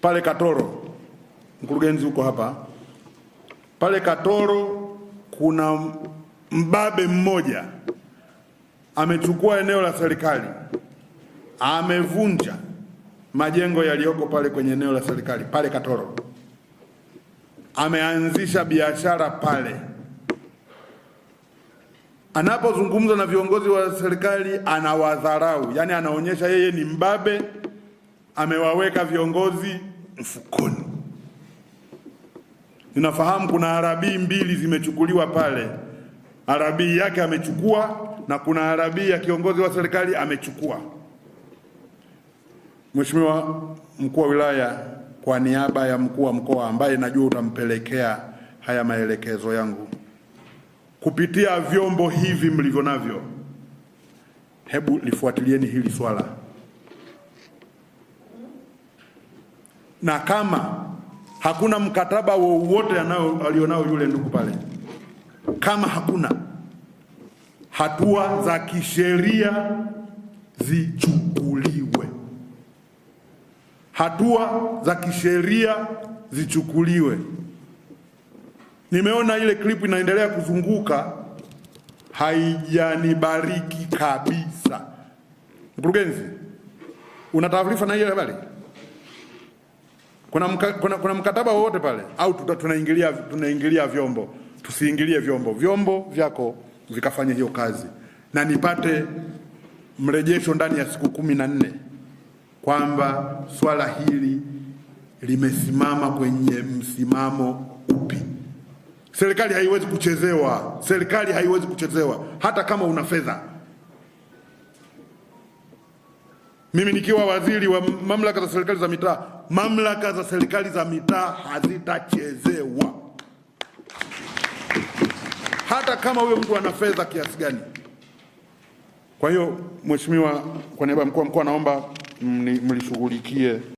pale Katoro, mkurugenzi huko hapa, pale Katoro kuna mbabe mmoja amechukua eneo la serikali, amevunja majengo yaliyoko pale kwenye eneo la serikali pale Katoro, ameanzisha biashara pale. Anapozungumza na viongozi wa serikali anawadharau, yani anaonyesha yeye ni mbabe amewaweka viongozi mfukoni. Ninafahamu kuna arabii mbili zimechukuliwa pale, arabii yake amechukua na kuna arabii ya kiongozi wa serikali amechukua. Mheshimiwa mkuu wa wilaya, kwa niaba ya mkuu wa mkoa ambaye najua utampelekea haya maelekezo yangu, kupitia vyombo hivi mlivyonavyo, hebu lifuatilieni hili swala. na kama hakuna mkataba wowote alionao yule ndugu pale, kama hakuna hatua za kisheria zichukuliwe, hatua za kisheria zichukuliwe. Nimeona ile klipu inaendelea kuzunguka, haijanibariki kabisa. Mkurugenzi, una taarifa na ile habari? kuna, mka, kuna, kuna mkataba wowote pale au tunaingilia, tunaingilia vyombo? Tusiingilie vyombo, vyombo vyako vikafanya hiyo kazi, na nipate mrejesho ndani ya siku kumi na nne kwamba swala hili limesimama kwenye msimamo upi. Serikali haiwezi kuchezewa, serikali haiwezi kuchezewa hata kama una fedha. Mimi nikiwa waziri wa mamlaka za serikali za mitaa, mamlaka za serikali za mitaa hazitachezewa, hata kama huyo mtu ana fedha kiasi gani. Kwa hiyo, Mheshimiwa, kwa niaba ya mkuu wa mkoa naomba mlishughulikie.